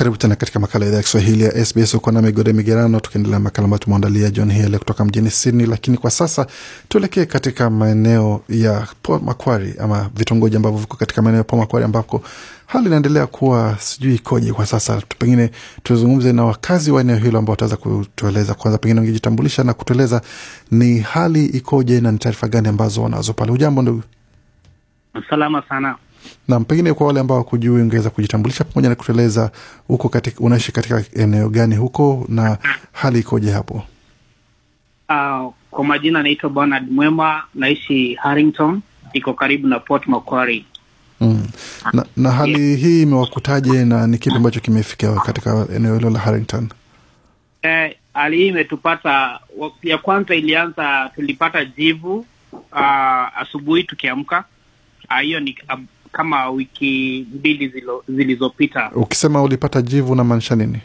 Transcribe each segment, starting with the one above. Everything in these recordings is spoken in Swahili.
Karibu tena katika makala idhaa ya Kiswahili ya SBS huko na migode migerano, tukiendelea makala ambayo tumeandalia John Hele kutoka mjini Sydney. Lakini kwa sasa tuelekee katika maeneo ya Port Macquarie ama vitongoji ambavyo viko katika maeneo ya Port Macquarie ambako hali inaendelea kuwa sijui ikoje kwa sasa. Pengine tuzungumze na wakazi wa eneo hilo ambao wataweza kutueleza. Kwanza pengine wangejitambulisha na kutueleza ni hali ikoje na ni taarifa gani ambazo wanazo pale. Hujambo ndugu? Salama sana na pengine kwa wale ambao wakujui, ungeweza kujitambulisha pamoja na kutueleza uko katika, unaishi katika eneo gani huko na hali ikoje hapo? Uh, kwa majina naitwa Bernard Mwema, naishi Harrington, iko karibu na Port Macquarie. Mm. Na, na hali yeah, hii imewakutaje na ni kipi ambacho kimefikia katika eneo hilo la Harrington? Eh, hali hii imetupata, ya kwanza ilianza, tulipata jivu uh, asubuhi tukiamka ah, hiyo uh, ni kama wiki mbili zilizopita. Ukisema ulipata jivu unamaanisha nini?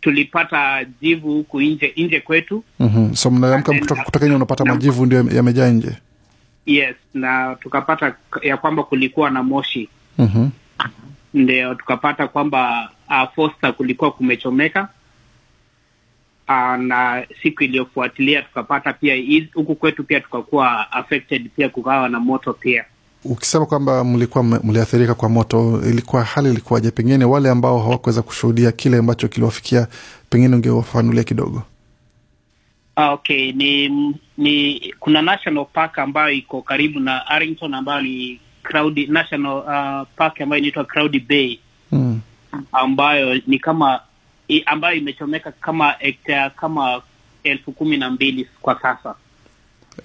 Tulipata jivu huku nje nje kwetu. mm -hmm. So mnaamka kutoka nje unapata majivu ndio yamejaa nje? Yes, na tukapata ya kwamba kulikuwa na moshi. mm -hmm. Ndio tukapata kwamba uh, ah, fosta kulikuwa kumechomeka uh, na siku iliyofuatilia tukapata pia huku kwetu pia tukakuwa affected pia, kukawa na moto pia Ukisema kwamba mlikuwa mliathirika kwa moto, ilikuwa hali ilikuwaje? Pengine wale ambao hawakuweza kushuhudia kile ambacho kiliwafikia, pengine ungewafanulia kidogo. Ah, okay. Ni, ni kuna national park ambayo iko karibu na Arlington ambayo ni crowd National uh, park ambayo inaitwa Crowdy Bay mm, ambayo ni kama ambayo imechomeka kama hekta kama elfu kumi na mbili kwa sasa,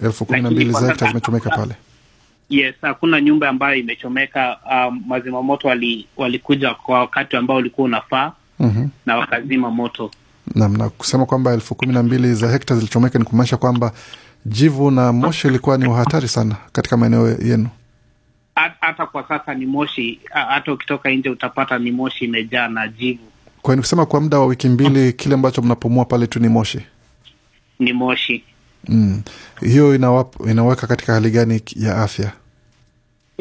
elfu kumi na mbili za hekta zimechomeka pale Yes, hakuna nyumba ambayo imechomeka. Um, wazima moto walikuja wali kwa wakati ambao ulikuwa unafaa mm -hmm. na wakazima moto nam na kusema kwamba elfu kumi na mbili za hekta zilichomeka ni kumaanisha kwamba jivu na moshi ilikuwa ni wahatari sana katika maeneo yenu. Hata kwa sasa ni moshi, hata ukitoka nje utapata ni moshi imejaa na jivu. Kwa ni kusema kwa muda wa wiki mbili kile ambacho mnapumua pale tu ni moshi, ni moshi mm. Hiyo inaweka katika hali gani ya afya?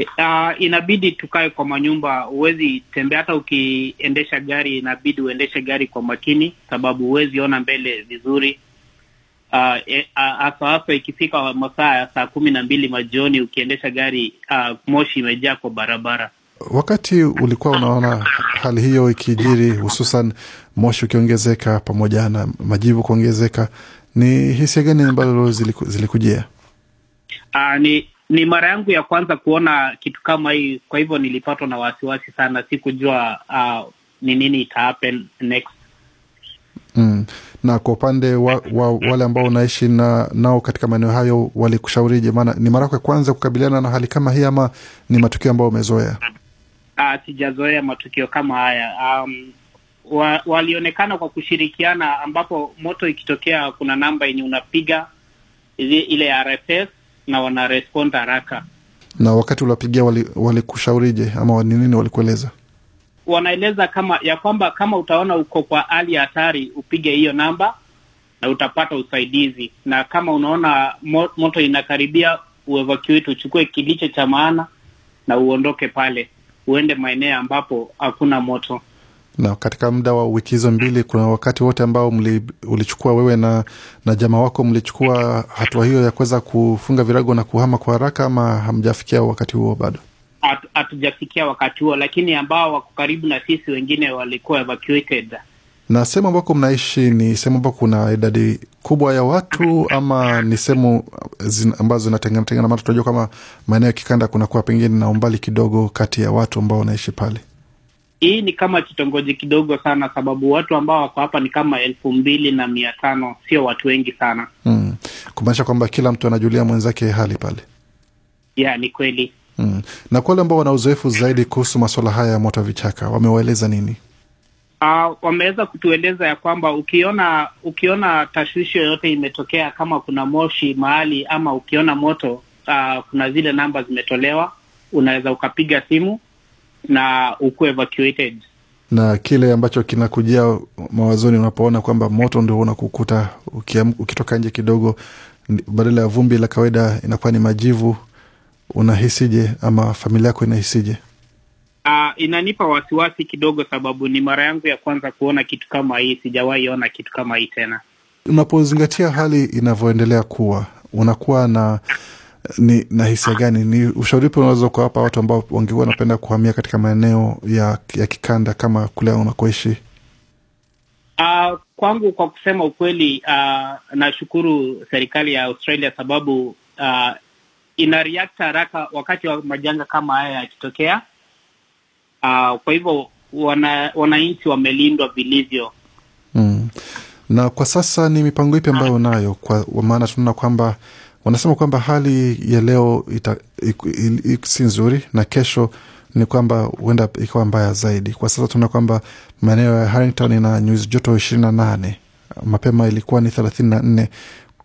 uh, inabidi tukae kwa manyumba, huwezi tembea. Hata ukiendesha gari inabidi uendeshe gari kwa makini, sababu huwezi ona mbele vizuri ah, eh, ah, hasa uh, uh, hasa ikifika masaa ya saa kumi na mbili majioni ukiendesha gari uh, moshi imejaa kwa barabara. Wakati ulikuwa unaona hali hiyo ikijiri, hususan moshi ukiongezeka pamoja na majivu kuongezeka, ni hisia gani ambalo zilikujia? Uh, ni ni mara yangu ya kwanza kuona kitu kama hii, kwa hivyo nilipatwa na wasiwasi sana, sikujua uh, ni uh, nini ita happen next. Mm. Na kwa upande wa, wa wale ambao unaishi na, nao katika maeneo hayo walikushaurije? Maana ni mara yako ya kwanza kukabiliana na hali kama hii ama ni matukio ambayo umezoea? Ah, sijazoea matukio kama haya. Um, wa, walionekana kwa kushirikiana, ambapo moto ikitokea kuna namba yenye unapiga ile ya RFS na wana respond haraka. Na wakati uliwapigia walikushaurije, wali ama ni nini walikueleza? Wanaeleza kama ya kwamba kama utaona uko kwa hali ya hatari, upige hiyo namba na utapata usaidizi, na kama unaona moto inakaribia, uevacuate, uchukue kilicho cha maana na uondoke pale, uende maeneo ambapo hakuna moto na katika muda wa wiki hizo mbili, kuna wakati wote ambao mli, ulichukua wewe na, na jamaa wako mlichukua hatua hiyo ya kuweza kufunga virago na kuhama kwa haraka, ama hamjafikia wakati huo bado? Hatujafikia wakati huo, lakini ambao wako karibu na sisi wengine walikuwa evacuated. Na sehemu ambako mnaishi ni sehemu ambao kuna idadi kubwa ya watu ama ni sehemu ambazo zinatenganatengana? Maana tunajua kama maeneo ya kikanda kunakuwa pengine na umbali kidogo kati ya watu ambao wanaishi pale. Hii ni kama kitongoji kidogo sana, sababu watu ambao wako hapa ni kama elfu mbili na mia tano, sio watu wengi sana mm. Kumaanisha kwamba kila mtu anajulia mwenzake hali pale. Yeah, ni kweli mm. Na kwa wale ambao wana uzoefu zaidi kuhusu masuala haya ya moto vichaka wamewaeleza nini? Uh, wameweza kutueleza ya kwamba ukiona ukiona tashwishi yoyote imetokea kama kuna moshi mahali ama ukiona moto uh, kuna zile namba zimetolewa, unaweza ukapiga simu na ukuwe evacuated. Na kile ambacho kinakujia mawazoni unapoona kwamba moto ndio unakukuta ukitoka nje kidogo, badala ya vumbi la kawaida inakuwa ni majivu, unahisije ama familia yako inahisije? Uh, inanipa wasiwasi kidogo, sababu ni mara yangu ya kwanza kuona kitu kama hii. Sijawahi ona kitu kama hii tena. Unapozingatia hali inavyoendelea kuwa, unakuwa na ni na hisia gani? Ni ushauri upi unaweza kuwapa watu ambao wangekuwa wanapenda kuhamia katika maeneo ya, ya kikanda kama kule unakoishi? Uh, kwangu kwa kusema ukweli, uh, nashukuru serikali ya Australia sababu uh, ina react haraka wakati wa majanga kama haya yakitokea. Uh, kwa hivyo wananchi wamelindwa vilivyo. mm. Na kwa sasa ni mipango ipi ambayo unayo? Kwa maana tunaona kwamba wanasema kwamba hali ya leo ita, si nzuri na kesho ni kwamba huenda ikawa mbaya zaidi. Kwa sasa tunaona kwamba maeneo ya Harrington ina nyuzi joto ishirini na nane, mapema ilikuwa ni thelathini na nne,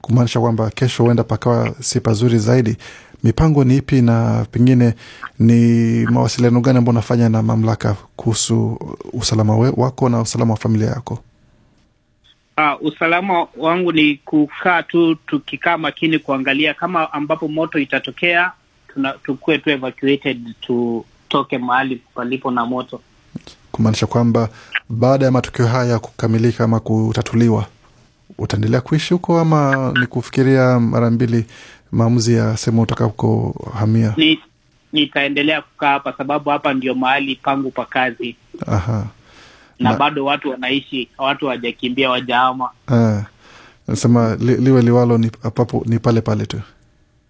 kumaanisha kwamba kesho huenda pakawa si pazuri zaidi. Mipango ni ipi na pengine ni mawasiliano gani ambao unafanya na mamlaka kuhusu usalama wako na usalama wa familia yako? Uh, usalama wangu ni kukaa tu tukikaa makini kuangalia kama ambapo moto itatokea, tukue tu evacuated tutoke mahali palipo na moto, kumaanisha kwamba baada ya matukio haya kukamilika ama kutatuliwa, utaendelea kuishi huko ama ni kufikiria mara mbili maamuzi ya sehemu utakapohamia? Nitaendelea kukaa hapa, sababu hapa ndio mahali pangu pa kazi. Aha na, bado watu wanaishi, watu wajakimbia, wajaama. Eh, nasema li, liwe liwalo ni, apapo, ni pale pale tu.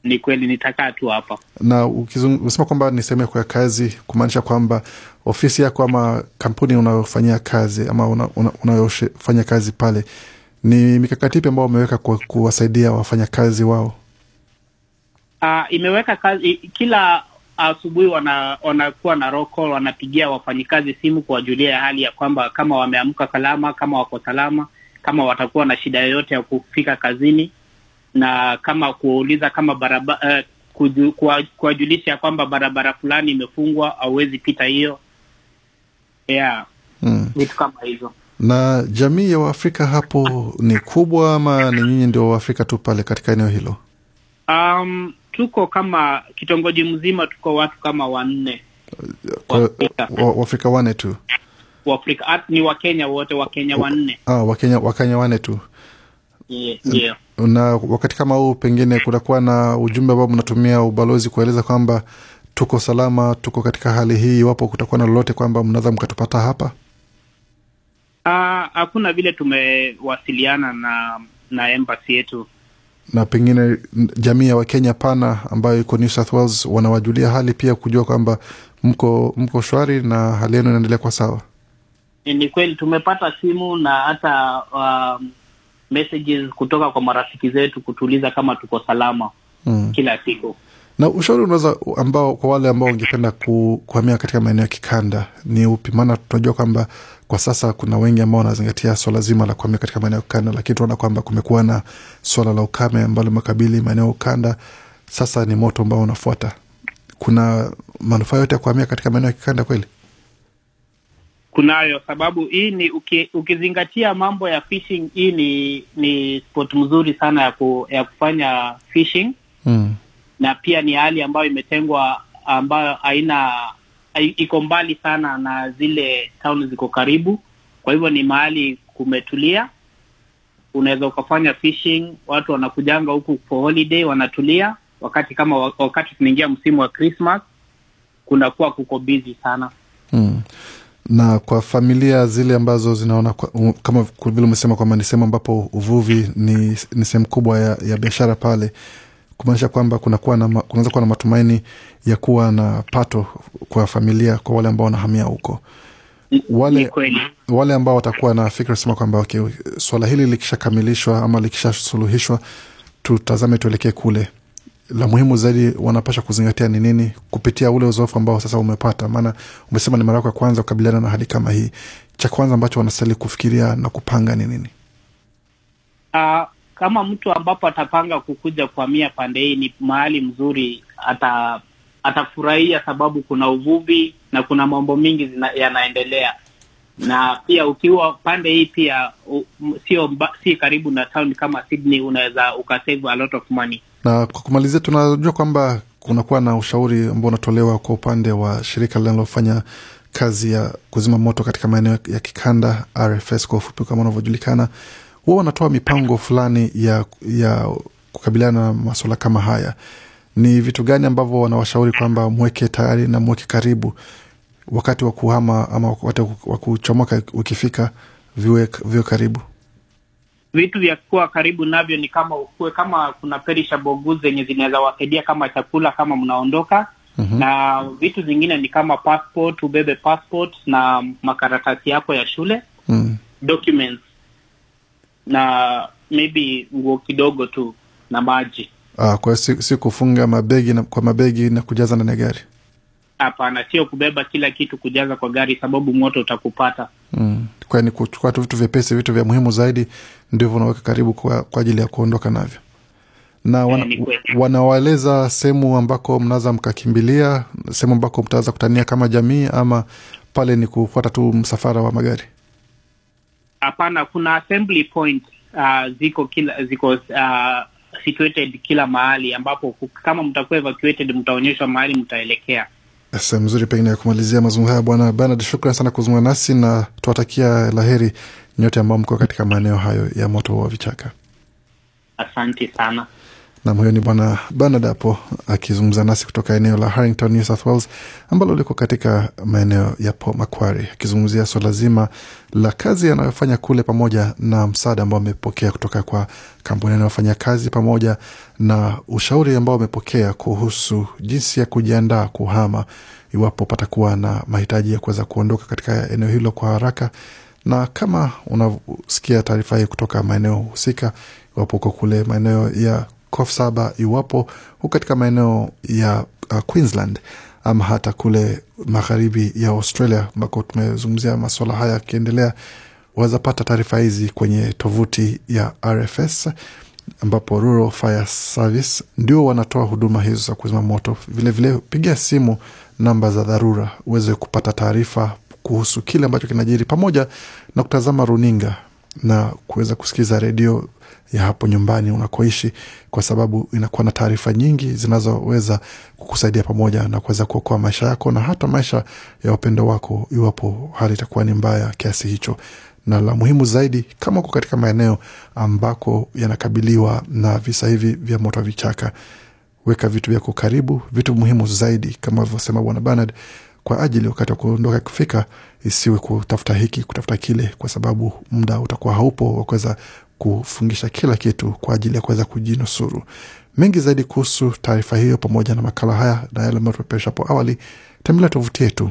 Ni kweli, nitakaa tu hapa. Na ukisema kwamba ni sehemu yako ya kazi, kumaanisha kwamba ofisi yako ama kampuni unayofanyia kazi ama unayofanya una, una kazi pale, ni mikakati ipi ambao wameweka kuwasaidia wafanyakazi wao? Uh, imeweka kazi, kila asubuhi wana, wanakuwa na roko wanapigia wafanyikazi simu kuwajulia ya hali ya kwamba kama wameamka salama, kama wako salama, kama watakuwa na shida yoyote ya kufika kazini, na kama kuwauliza kama barabara eh, kuwajulisha ya kwamba barabara fulani imefungwa, hauwezi pita hiyo, yeah, mm. vitu kama hizo. Na jamii ya Waafrika hapo ni kubwa ama ni nyinyi ndio Waafrika tu pale katika eneo hilo? um, tuko kama kitongoji mzima, tuko watu kama wanne Waafrika wane tu Waafrika ah, ni Wakenya wote, Wakenya wanne ah, Wakenya Wakenya wane tu yeah, yeah. Na wakati kama huu pengine kunakuwa na ujumbe ambao mnatumia ubalozi kueleza kwamba tuko salama, tuko katika hali hii, iwapo kutakuwa na lolote, kwamba mnaweza mkatupata hapa? Ah, hakuna ah, vile tumewasiliana na na embasi yetu na pengine jamii ya Wakenya pana ambayo iko New South Wales wanawajulia hali pia kujua kwamba mko mko shwari na hali yenu inaendelea kwa sawa? Ni kweli tumepata simu na hata um, messages kutoka kwa marafiki zetu kutuuliza kama tuko salama mm. kila siku. Na ushauri unaweza ambao kwa wale ambao wangependa kuhamia katika maeneo ya kikanda ni upi? Maana tunajua kwamba kwa sasa kuna wengi ambao wanazingatia swala zima la kuhamia katika maeneo ya kikanda lakini tunaona kwamba kumekuwa na swala la ukame ambalo makabili maeneo ya ukanda, sasa ni moto ambao unafuata. Kuna manufaa yote ya kuhamia katika maeneo ya kikanda kweli? Kunayo sababu hii ni uki, ukizingatia mambo ya fishing, hii ni ni spot mzuri sana ya, ku, ya kufanya fishing mm na pia ni hali ambayo imetengwa ambayo haina iko mbali sana na zile town ziko karibu. Kwa hivyo ni mahali kumetulia, unaweza ukafanya fishing. Watu wanakujanga huku for holiday, wanatulia. Wakati kama wakati tunaingia msimu wa Christmas, kunakuwa kuko busy sana mm na kwa familia zile ambazo zinaona kwa, um, kama vile umesema kwamba ni sehemu ambapo uvuvi ni, ni sehemu kubwa ya, ya biashara pale kumaanisha kwamba kunakuwa kunaweza kuwa na matumaini ya kuwa na pato kwa familia kwa wale ambao wanahamia huko wale, wale ambao watakuwa na fikra sema kwamba okay, swala hili likishakamilishwa ama likishasuluhishwa, tutazame tuelekee kule. La muhimu zaidi wanapasha kuzingatia ni nini kupitia ule uzoefu ambao sasa umepata, maana umesema ni mara yako ya kwanza kukabiliana na hali kama hii. Cha kwanza ambacho wanastahili kufikiria na kupanga ni nini? Uh, kama mtu ambapo atapanga kukuja kuhamia pande hii, ni mahali mzuri ata atafurahia sababu kuna uvuvi na kuna mambo mingi yanaendelea, na pia ukiwa pande hii pia sio si karibu na town kama Sydney, unaweza ukasave a lot of money. Na kwa kumalizia, tunajua kwamba kunakuwa na ushauri ambao unatolewa kwa upande wa shirika linalofanya kazi ya kuzima moto katika maeneo ya kikanda RFS kwa ufupi, kama unavyojulikana huwa wanatoa mipango fulani ya, ya kukabiliana na maswala kama haya. Ni vitu gani ambavyo wanawashauri kwamba mweke tayari na mweke karibu, wakati wa kuhama ama wakati wa kuchomoka ukifika, viwe, viwe karibu vitu vya kuwa karibu navyo ni kama ukue, kama kuna perishable goods zenye zinaweza wasaidia kama chakula kama mnaondoka. mm -hmm. Na vitu zingine ni kama passport, ubebe passport na makaratasi yako ya shule. mm. Documents na maybe nguo kidogo tu na maji. Ah, kwa si, si kufunga mabegi na, kwa mabegi na kujaza ndani ya gari? Hapana, sio kubeba kila kitu kujaza kwa gari, sababu moto utakupata. Mm. Kwani kuchukua tu vitu vyepesi, vitu vya muhimu zaidi ndivyo unaweka karibu kwa, kwa ajili ya kuondoka navyo na eh, wana, e, wanawaeleza sehemu ambako mnaweza mkakimbilia, sehemu ambako mtaweza kutania kama jamii, ama pale ni kufuata tu msafara wa magari? Hapana, kuna assembly point uh, ziko kila ziko uh, situated kila mahali ambapo kama mtakuwa evacuated mtaonyeshwa mahali mtaelekea. sehe mzuri pengine ya kumalizia mazungumzo haya, Bwana Bernard, shukran sana kuzungumza nasi na tuwatakia laheri nyote ambao mko katika maeneo hayo ya moto wa vichaka. Asante sana. Nam, huyo ni Bwana Bernard hapo akizungumza nasi kutoka eneo la Harrington, New South Wales, ambalo liko katika maeneo ya Port Macquarie, akizungumzia swala zima la kazi anayofanya kule pamoja na msaada ambao amepokea kutoka kwa kampuni anayofanya kazi pamoja na ushauri ambao amepokea kuhusu jinsi ya kujiandaa kuhama iwapo patakuwa na mahitaji ya kuweza kuondoka katika eneo hilo kwa haraka na kama unasikia taarifa hii kutoka maeneo husika, iwapo uko kule maeneo ya COP iwapo hu katika maeneo ya uh, Queensland ama hata kule magharibi ya Australia ambako tumezungumzia masuala haya yakiendelea, wazapata taarifa hizi kwenye tovuti ya RFS ambapo Rural Fire Service ndio wanatoa huduma hizo za kuzima moto. Vilevile pigia simu namba za dharura uweze kupata taarifa kuhusu kile ambacho kinajiri, pamoja na kutazama runinga na kuweza kusikiza redio ya hapo nyumbani unakoishi, kwa sababu inakuwa na taarifa nyingi zinazoweza kukusaidia pamoja na kuweza kuokoa maisha yako na hata maisha ya wapendo wako, iwapo hali itakuwa ni mbaya kiasi hicho. Na la muhimu zaidi, kama uko katika maeneo ambako yanakabiliwa na visa hivi vya moto vichaka, weka vitu vyako karibu, vitu muhimu zaidi, kama alivyosema Bwana Bernard kwa ajili wakati wa kuondoka kufika, isiwe kutafuta hiki kutafuta kile, kwa sababu muda utakuwa haupo wa kuweza kufungisha kila kitu kwa ajili ya kuweza kujinusuru. Mengi zaidi kuhusu taarifa hiyo pamoja na makala haya na yale ambayo tumepeesha hapo awali, tembelea tovuti yetu